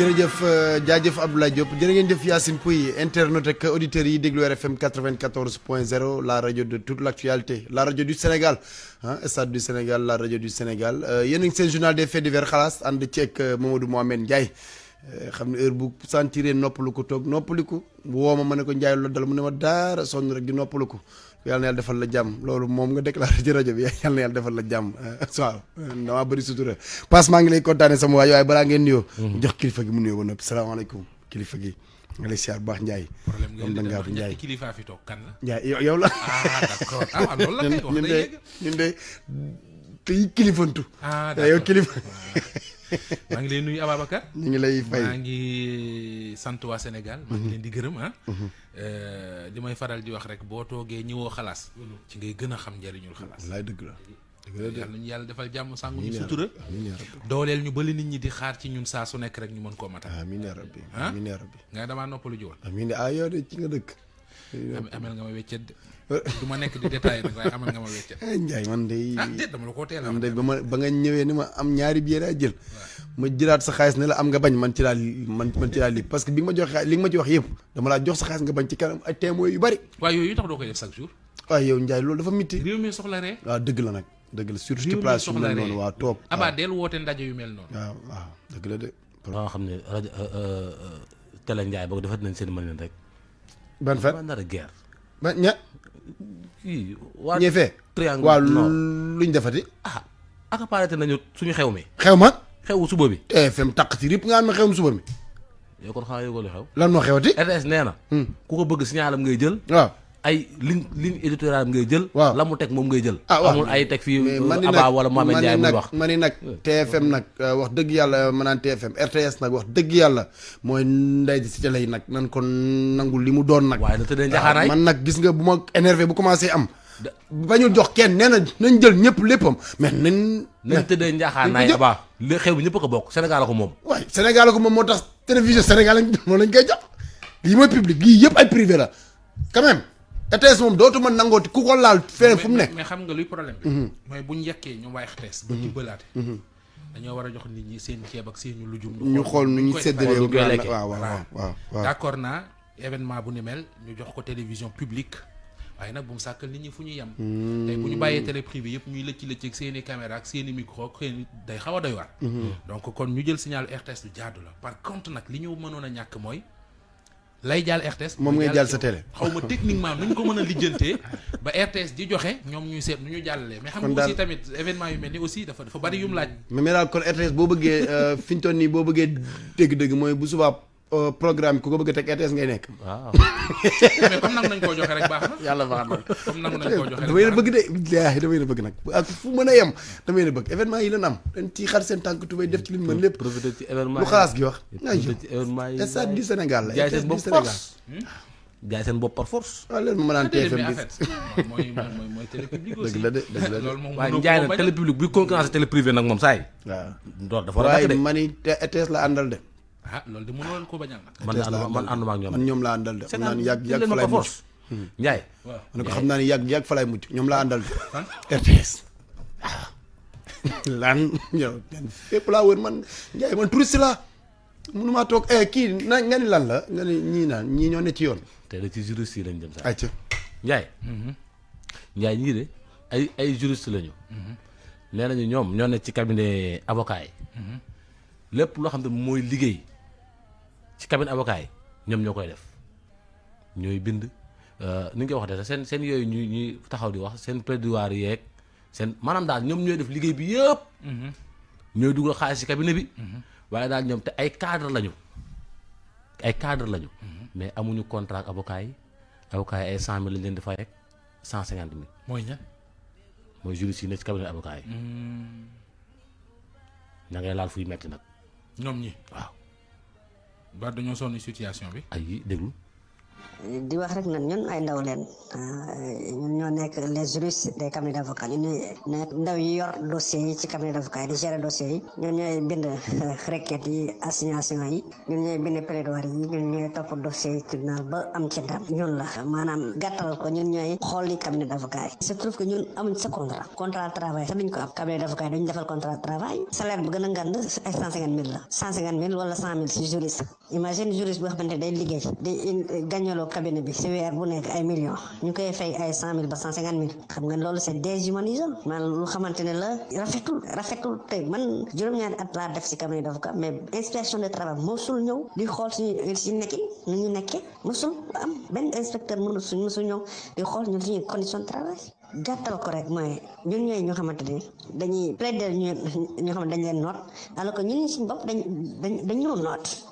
jërëjëf euh, jaajëf Abdoulaye Diop jërë ngeen jëf Yacine Pouy internautes ak auditeurs yi déglu RFM 94 point 0 la rajo de toute l' actualité la rajo du Sénégal ah stade du Sénégal la rajo du Sénégal euh, yéen a ngi seen journal des faits divers xalaas ànd ci ak euh, Mamadou Mohamed Ndiaye xam ne heure bu sentiree noppalu ko toog noppaliku woo ma ma ne ko Ndiaye loolu dal mu ne ma daara sonn rek di noppalu ko. yàlla na yàlla defal la jàmm loolu moom nga déclaré ci rajo bi yàlla na yàlla defal la jàmm waaw damaa bëri sutura passe maa ngi lay kontaane sama waay waaye balaa ngeen nuyoo mhm. jox kilifa gi mu nuyoo ba noppi salaamaaleykum kilifa gi nga lay siyaar bu baax Ndiaye. problème ngay def wax Ndiaye kilifa fi toog kan la. Ndiaye yow la. ah d'accord ah loolu la kay wax ñun de ñun de te kilifantu. Ah, yow kilifa. maa ngi lay nuyu Ababacar. ñu ngi lay fay maa ngi eh, sant waa Sénégal. maa ngi mhm. leen di gërëm ah. Mhm. Eh, li may faral di wax rek boo toogee ñëwoo xalaas. Mhm. ci ngay gën a xam njëriñul xalaas. wallaay dëgg la. yàlla ñu yàlla defal jàmm sàngu ñu sutura dooleel ñu bali nit ñi di xaar ci ñun saa su nekk rek ñu mën koo matal amiin yaa rabbi ah? amiin yaa rabbi nga damaa noppalu ji woon ah yow de ci nga dëkk amal nga ma weccet de ma nekk di détaillé nag waaye amal ma weccet eh, man day ah, dama la koo teel man day ba ma ba nga ñëwee ni ma am ñaari billet daa jël ma jëlaat sa xaalis ne la am nga bañ man ci laa man man ci laa lii parce que bi nga ma jox xaalis li nga ma ci wax yëpp dama laa jox sa xaalis nga bañ ci kanam ay témoins yu bari waa yooyu tax doo koy def chaque jour waaw yow Ndiaye loolu dafa mitti réew mi soxla ree dëgg la nag dëgg la surtout ci place yu mel noonu waaw toog abaa deel woote ndaje yu mel noonu waaw waaw dëgg la de nga xam ne rajo euh, euh, télé Ndiaye boog dafa nañ seen mën rek ban fan ban dara guerre. ba ña. kii waa lu triangle waaw luñ defati. ah accaparé nañu suñu xew mi. xew ma. xewu suba bi. TFM takk ci rip nga am na xewum suba bi. yow kon xanaa yëgoo lu xew. lan moo xewati. RTS nee na. Hmm. ku ko bëgg signalam ngay jël. waaw. ay ligne ligne éditoriale ngay jël. waaw la mu teg moom ngay jël. ah waaw amul ay teg fii Abba wala Mohamed Ndiaye muy wax man ni nag TFM nag euh, wax dëgg yàlla ma naan TFM RTS nag wax dëgg yàlla mooy nday di si télé yi nag nan ko nangul li mu doon nag. waaye dafay jaxaanaay ah, man nag gis nga bu ma énervé bu commencé am. bañul jox kenn nee na nañ jël ñëpp léppam mais nañ. nañ tëddee njaaxaanaay Abba li xew bi ñëpp ko bokk Sénégal la moom. waay Sénégal la moom moo tax télévision Sénégal lañ moom lañ koy jox lii mooy public lii yëpp ay privé la ETS moom dootuma nangooti ku ko laal feneen fu mu ne. mais xam nga luy problème bi. Mhm. mooy bu ñu yekkee ñu bàyyi ETS. ba ci mhm. bëlaate. Mhm. dañoo war a jox nit ñi seen ceeb ak seeni lujum. ñu xool nu ñuy séddalee waaw waaw waaw. d'accord naa événement bu ni mel ñu jox ko télévision publique. waaye nag bu mu sàkkal nit fu ñu yem. tey bu ñu bàyyee télé privé yëpp ñuy lëcc lëcc ak seeni i caméra ak seen i ak seen day xaw a doy waar. donc kon ñu jël signal RTS du jaadu la par contre nag li ñu mënoon a ñàkk mooy. lay jàll RTS. moom ngay jàll sa télé xaw ma techniquement nu ñu ko mën a lijjantee ba RTS di joxe ñoom ñuy seet nu ñu jàllalee. mais xam nga aussi tamit événement yu mel ni aussi dafa dafa bari yum laaj. mais mais daal kon boo bëggee euh, fi ñu toll nii boo bëggee dégg-dégg mooy bu subaa Euh, programme ku ko bëgg a teg RTS ngay nekk. waaw mais koo joxe rek baax na. yàlla na comme nangu nañ na bëgg de yaay damay na bëgg nag ak fu mën a yem damay na bëgg événement yi lan am dañ ci seen tànk tubay def ci li lépp. profité ci événement yi lu xalaas gi wax. profité ci événement la. jaay seen bopp par force jaay ah, loolu ma naan TFM bi la de la loolu moom waaye njaay nag télé publique nag moom saa yi. waaw loolu dafa war la àndal de ah loolu de mënoo ko bañal nag. man ànduma man ànduma ak ñoom man ñoom laa àndal de. xam naa man hmm. xam naa ni yàgg yàgg fa lay mujj ñoom laa àndal de. RTS waaw. laa wër man Ndiaye man touriste laa mënumaa toog eh, kii na nga ni lan la nga ni ñii naan ñii ñoo ne ci yoon. tey rek ci juriste yi lañu jëm sax. ayca Ndiaye. Mhm. Ndiaye ñii de ay ay juriste lañu. Mhm. nee nañu ñoom ñoo ne ci cabinet avocat yi. Mhm. lépp loo xam ne mooy liggéey. ci cabinet avocat yi ñoom ñoo koy def ñooy bind euh, ni nga koy wax de seen seen yooyu ñuy ñuy taxaw di wax seen plaidoirie yeeg seen maanaam daal ñoom ñooy def liggéey bi yëpp. Mhm. ñooy dugal xaalis ci cabinet bi. Mhm. waaye daal ñoom te ay cadre lañu ay cadre lañu. Mhm. mais amuñu contrat avocat yi avocat yi ay cent mille lañ leen di rek cent cinquante mille. mooy ña mooy juriste yi ne ci cabinet avocat yi. ña laal fuy metti nag. ba dañoo sonn situation bi. ay déglu. di wax rek nag ñun ay ndaw ah, ñun ñoo nekk les de des de d'avocats ñun ñooy nekk ndaw yi yor dossiers yi ci cabinet de yi di gérer dossiers yi ñun ñooy bind euh, requêtes yi assignation yi ñun ñooy bind plaidoirie yi ñun ñooy topp dossiers yi tribunal ba am ci ndam ñun la maanaam gàttal ko ñun ñooy xool li cabinet d'avocats yi se trouve que ñun amuñ sa contrat contrat travail sax duñ ko am cabinet d'avocats yi duñ defal contrat travail salaire bu gën a ngand ay cent cinquante mille la cent cinquante mille wala cent mille si liggéey di ñoloo lu de travail mosul ñëw di xool suñu si nekkin nu ñu nekkee mosul am benn inspecteur mënu suñ mosul ñëw di xool suñu condition de travail gàttal ko rek mooy ñun ñooy ñoo xamante ni dañuy plaider ñu ñoo xam ne dañ leen noot alors que ñun ñu si bopp dañ dañ dañ noot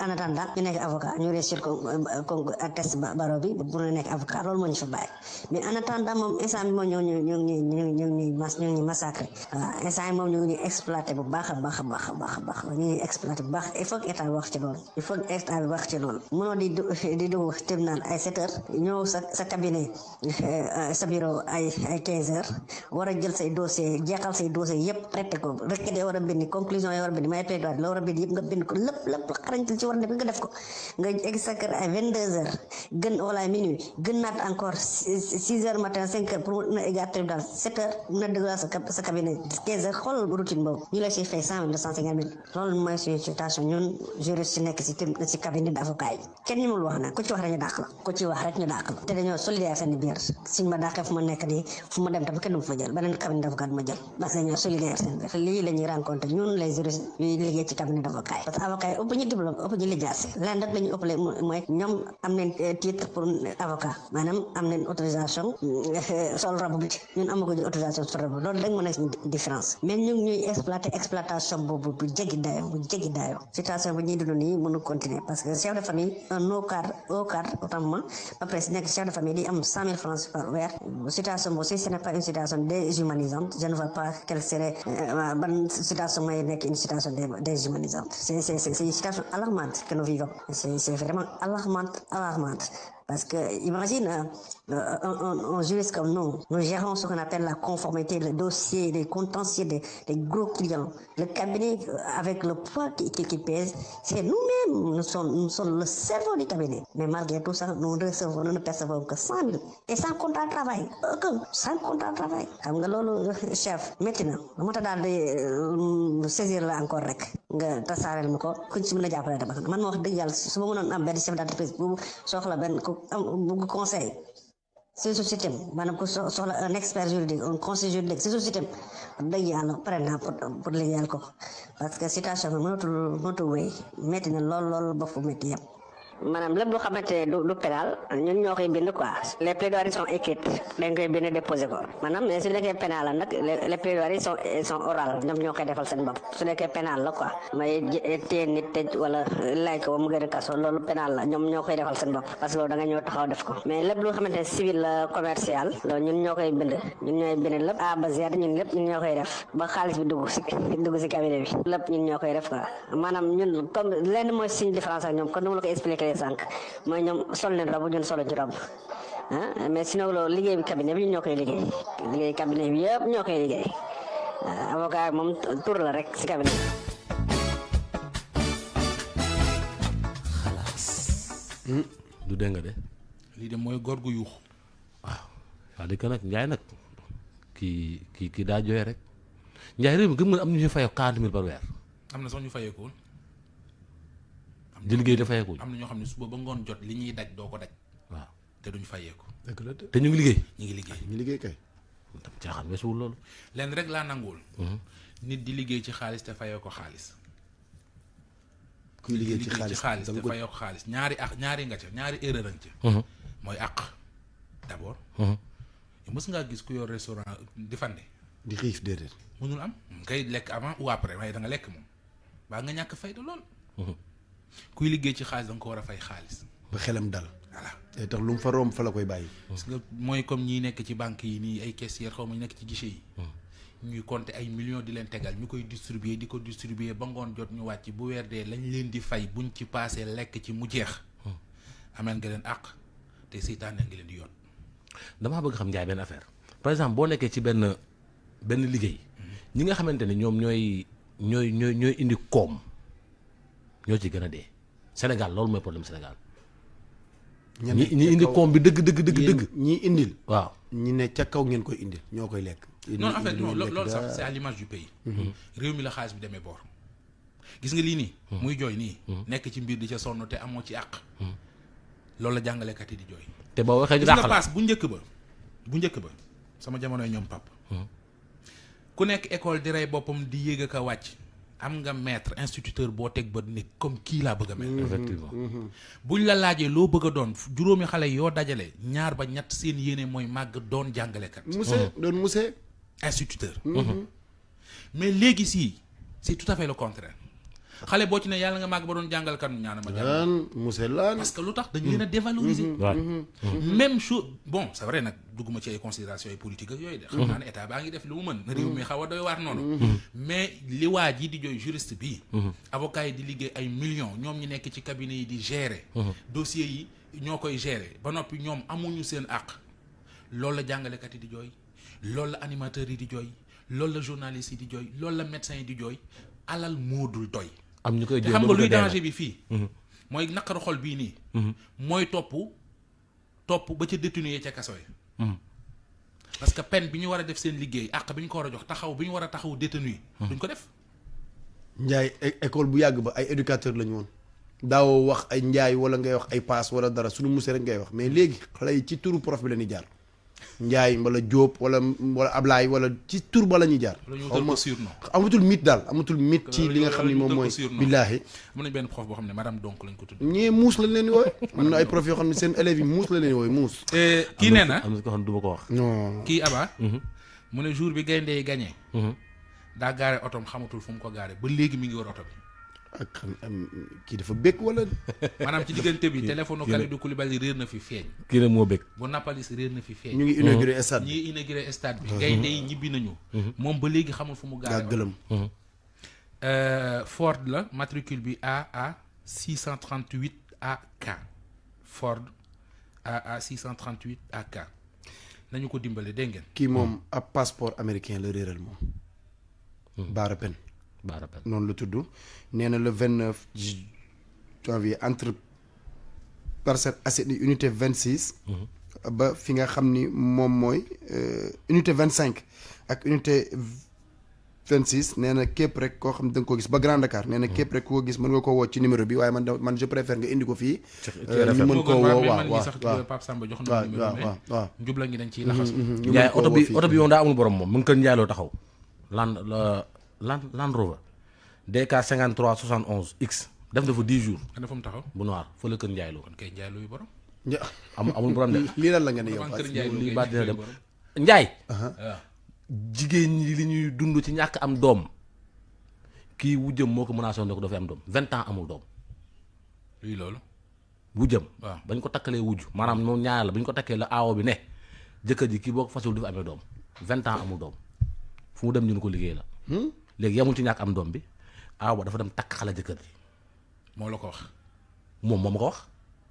en attendant daal ñu nekk avocat ñu réussir ko ko baro bi bu ñu nekk avocat loolu moo ñu fa bàyyi mais en attendant moom instant bi moom ñu ñu ñu ñu ñu ñu ñu ñu ñu massacré waaw instant yi moom ñu ngi exploité bu baax a baax a baax a baax a baax ñu ngi exploité bu baax il faut que état wax ci loolu il faut que état wax ci loolu mënoo di di dugg tëm naan ay sept heures ñëw sa sa cabinet euh, sa bureau war a a bind conclusion yi a bind may plaidoyer la war a bind la xarañtul ci war def nga def ko nga egg sa vingt deux heures gën wala minuit gën naat encore six heures matin pour na egg at daal sept heures na nekk si si ci wax rek ñu dàq la ku ci wax rek ñu dàq la te dañoo solidaire seen biir suñ ma dàqee fu ma nekk nii fu ma dem tam kenn du fa jël beneen cabinet d'avocat du ma jël parce que dañoo solidaire seen biir lii la ñuy rencontré ci cabinet d'avocat parce que avocat waaye ëpp ñu diplôme ëpp ñu lijaas lan rek lañu ëppale mooy ñoom am nañ eh, titre pour eh, avocat maanaam am nañ autorisation eh, sol robe bi ñun amaguñu autorisation sol robe loolu rek mën a suñu différence mais ñu ngi ñuy exploité exploitation boobu bu jéggi dayo bu jéggi dayo situation bu ñuy dund nii mënu continuer parce que chef de famille un au cadre au cadre autant pour moi ba pare si nekk chef de famille di am cent mille par weer situation boobu si ce n'est pas une situation déshumanisante je ne vois pas situation alarmante que nous vivons. C'est vraiment alarmante, alarmante. Parce que, imagine, hein, euh, un, comme nous, nous gérons ce qu'on appelle la conformité, le dossier, les contentieux des, des gros clients. Le cabinet, euh, avec le poids qui, pèse, c'est nous-mêmes, nous sommes, le cerveau du cabinet. Mais malgré tout ça, nous, recevons, nous ne percevons que 100 000. Et sans contrat de travail. Aucun, sans contrat nga loolu euh, chef métti na moo tax daal la encore rek nga tasaareel ma ko kuñ si mën a dama man ma wax bugg conseil ci société maanaam ku soxla un expert juridique un conseil juridique ci société dëgg yàlla pare naa pour pour ko parce que situation bi mënatul mënatul wéy métti na lool lool ba fu métti yëpp maanaam lépp lu xamante ne du du pénal ñun ñoo koy bind quoi les plaidoiries sont écrites dañ koy bind déposé ko maanaam mais su nekkee pénal la nag les plaidoiries sont sont orales ñoom ñoo koy defal seen bopp su nekkee pénal la quoi may téye nit tëj wala lay ko ba mu gën a kaso loolu pénal la ñoom ñoo koy defal seen bopp parce que loolu da nga ñëw taxaw def ko mais lépp lu xamante ne civil la commercial loolu ñun ñoo koy bind ñun ñooy bind lépp A ba Z ñun lépp ñun ñoo koy def ba xaalis bi dugg si dugg si cabinet bi lépp ñun ñoo koy def quoi maanaam ñun comme lenn mooy suñu différence ak ñoom kon nu ma la ko expliqué waxee sànq mooy ñoom sol leen rob ñun solo ci rob ah mais sinon loolu liggéey bi cabinet bi ñun ñoo koy liggéey liggéey cabinet bi yëpp ñoo koy liggéey ah, avocat moom tur rek si cabinet bi. Hmm, du dégg de. lii de mooy góor gu yuux. waaw wax dëgg nag Ndiaye nag kii kii kii daa jooy rek Ndiaye réew mi gëm nga am am ñu fayeekoon di liggéey te fayeekuñ am na ñoo xam ne suba ba ngoon jot li ñuy daj doo ko daj waaw te duñ fayeeku dëgg la te ñu ngi liggéey ñu ngi liggéey ah, ñu liggéey kay tam caaxaan weesuwul rek laa nanguwul hmm. nit di liggéey ci xaalis te fayoo ko xaalis kuy liggéey ci xaalis te fayoo ko xaalis ñaari ak ñaari nga ca hmm. mooy àq d'abord hmm. mës ngaa gis ku yor restaurant di fande di xiif am kay lekk avant ou après waaye da lekk moom baa nga ñàkk fayda lool kuy liggéey ci xaalis da nga ko war a fay xaalis. ba xelam dal. voilà lu mu fa romb fa la koy bàyyi. parce que mooy comme ñi nekk ci banque yi nii ay caissière xaw ma ñu nekk ci guichet yi. Hmm. ñuy compter ay millions di leen tegal ñu koy distribuer di ko distribuer ba ngoon jot ñu wàcc bu weer dee lañ leen di fay buñ ci paasee lekk ci mu jeex. Hmm. ameel nga leen àq te seytaane ngi leen di yoon. damaa bëgg xam njaay benn affaire par exemple boo nekkee ci benn benn liggéey hmm. ñi nga xamante ne ñoom ñooy ñooy ñooy ñooy indi koom. ñoo ci gën a dee Sénégal loolu mooy problème Sénégal. ñi ñi indi bi dëgg dëgg dëgg dëgg. ñi indil. waaw ñi ne ca kaw ngeen koy indil ñoo koy lekk. non en fait non loolu sax c'est à du pays. Mhm. réew mi la xaalis bi demee boor. gis nga lii nii. Mhm. muy jooy nii. Mhm. nekk ci mbir di ca sonn te amoo ci àq. loolu la jàngalekat yi di jooy. te boo waxee ñu nga paas bu njëkk ba bu njëkk ba sama jamonoy ñoom pap ku nekk école di rey boppam di yéeg ak a wàcc. am nga maître instituteur boo teg ba ni comme kii laa bëgg a mel. Mm-hmm. effectivement mm-hmm. buñ la laajee loo bëgg a doon juróomi xale yoo dajale ñaar ba ñett seen yéene mooy màgg doon jàngalekat. monsieur mm-hmm. doon monsieur. instituteur. mais léegi si c'est tout à fait le contraire. xale boo ci ne yàlla nga màgg ba doon jàngal kan ñaana ma que lu tax a dévaloriser mhm. Mhm. Mhm. même chose bon c'est nag dugguma ci ay yi politique yooyu de xam naa ne ngi def li mu mën réew mi xaw a doy waar noonu mais li waa ji di jooy juriste bi avocat yi di liggéey ay millions ñoom ñu nekk ci cabinet yi di gérer dossier yi ñoo koy gérer ba noppi ñoom amuñu seen àq loolu la jàngalekat yi di jooy loolu la animateurs yi di jooy loolu la journalistes yi di jooy loolu la médecins yi di jooy alal moo dul doy am ñu koy jéem xam nga luy danger bi fii. Mhm. mooy naqaru xol bii nii. Mhm. mooy topp topp ba ca détenu ca kaso yi. Mhm. parce que peine bi ñu war a def seen liggéey àq bi ñu ko war a jox taxaw bi ñu war a taxaw détenu yi. duñ ko def. Njaay ecole bu yàgg ba ay éducateur lañu woon daawoo wax ay njaay wala ngay wax ay paas wala dara suñu musée rek ngay wax mais léegi xale yi ci turu prof bi la ñuy jaar. Ndiaye wala Diop wala wala Ablaye wala ci tur ba la ñuy jaar. amatul mit daal amatul mit ci li nga xam ni moom mooy. billaahi mën nañ benn prof boo xam ne madame donc lañ ko tudd. ñii muus lañ leen di wooye. na ay prof yoo xam ne seen élèves yi muus lañ leen di muus. Eh, kii nee am na ko xam ne du ma ko wax. kii Aba. Mhm. mu ne jour bi gaynde yi mhm. daa gaare otoom xamatul fu mu ko gaare ba léegi mi ngi war oto bi. ak xam kii dafa bëgg wala. maanaam ci diggante bi téléphone Kalidou Koulibaly réer na fi feeñ. kii la moo bëgg. bu réer na fi feeñ. ñu ngi mhm. inauguré stade bi ñu ngi inauguré stade bi. Mhm. gaynde yi ñibbi nañu. Mhm. moom ba léegi xamul fu mu. gaaree gëlëm. Euh, Ford la matricule bi AA 638 AK Ford AA 638 AK nañu ko dimbale dégg ngeen. kii moom ab passeport américain la réeral moom. noonu la tudd nee na le vingt neuf janvier entre Parcelles Assainies unité vingt six mhm. ba fi nga xam ni moom mooy euh, unité vingt cinq ak unité 26 nee na képp rek koo xam da nga ko gis ba Grand Dakar nee mhm. képp rek koo gis mën nga ko woo ci numéro bi waaye man man je préfère nga indi ko fii ñu euh, mën koo woo waaw waaw sax Pape Samba jox na numéro bi waaw waaw njubla ngi dañ ciy laxasu mhm, Ndiaye oto bi oto bi moom daa amul borom moom mu kër Ndiaye loo taxaw Land Land Rover DK 53 71 X def na fa 10 jours. mu taxaw bu noir fële kër Ndiaye Lo. kon kay Ndiaye Lo yu borom. amul amul borom de. lii lan la nga ne yow lii baat dina dem Ndiaye. Ah. jigéen ñi li ñuy dund ci ñàkk am doom kii wujjam moo ko mën woon ne ko dafay am doom vingt ans amul doom. luy loolu. wujjam. waaw ah. bañ ko takkalee wujj maanaam moom ñaareel la bañ ko takkee la aawo bi ne jëkkër ji boo ko fasul dafa doom vingt ans amul doom fu mu dem ñu ko liggéey la. Hmm? léegi yamul ci ñàkk am doom bi aaw dafa dem takk xale jëkkër ji moo la ko wax moom moo ma ko wax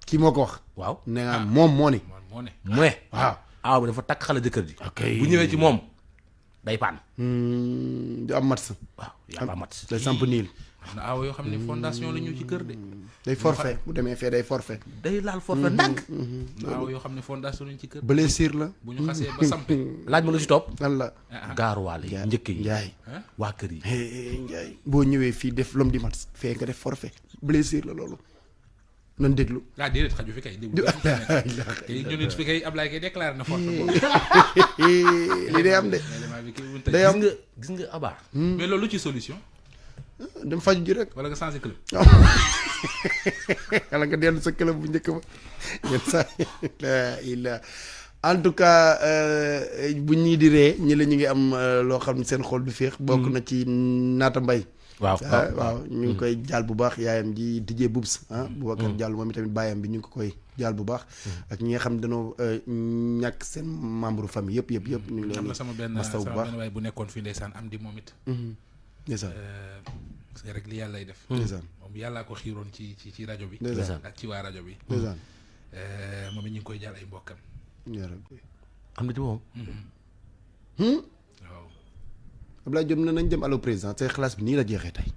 kii moo ko wax waaw nee ah. moom moo ni moo ne mu dafa takk xale jëkkër ji bu ñëwee ci moom day paan hmm, du am mat waaw yaa am mat day samp niil am na aawa yoo xam ne fondation la ñu ci kër de. Hmm. day forfait bu demee fee day forfait. day laal forfait hmm, hmm, yoo xam ne fondation la ñu ci kër. blessure la. bu ñu xasee ba laaj ma lu ci topp. la ah, ah. gaaruwaale yi njëkk yi njaay waa kër yi. boo ñëwee fii def l'homme du match fee nga def forfait blessure la loolu. nan déglu. ah déedéet xaju fi kay déglu. tey ñun it fi na forfait boobu. li day am de. day am nga gis nga abaar. mais loolu ci solution. dem faju ji rek. wala nga changé dellu sa club bu njëkk ba yenn saa yi la en tout cas euh, bu ñii di ree ñi la ñu ngi am euh, loo xam ne seen xool du féex. bokk mm. na ci naata mbay. Ah, waaw waaw ñu ngi mm. koy jaal bu baax yaayam ji dijee bubs ah mm. Boubacar Diallo moom itamit baayam bi ñu ngi ko koy jaal bu baax ak ñi nga xam danoo euh, ñàkk seen membre famille yëpp yëpp yëpp ñu ngi leen am sama benn sama bu nekkoon fii ndeysaan am di parce euh, que rek li yàlla lay def. Hmm. moom yàllaa ko xiiroon ci ci ci rajo bi. ak ci waa rajo bi. Euh, moom it ñu ngi koy jaar ay mbokkam. xam na ci moom. Hmm? Hmm? waaw. Abdoulaye Diop ne nañ dem allo président te xalaas bi nii la jeexee tey.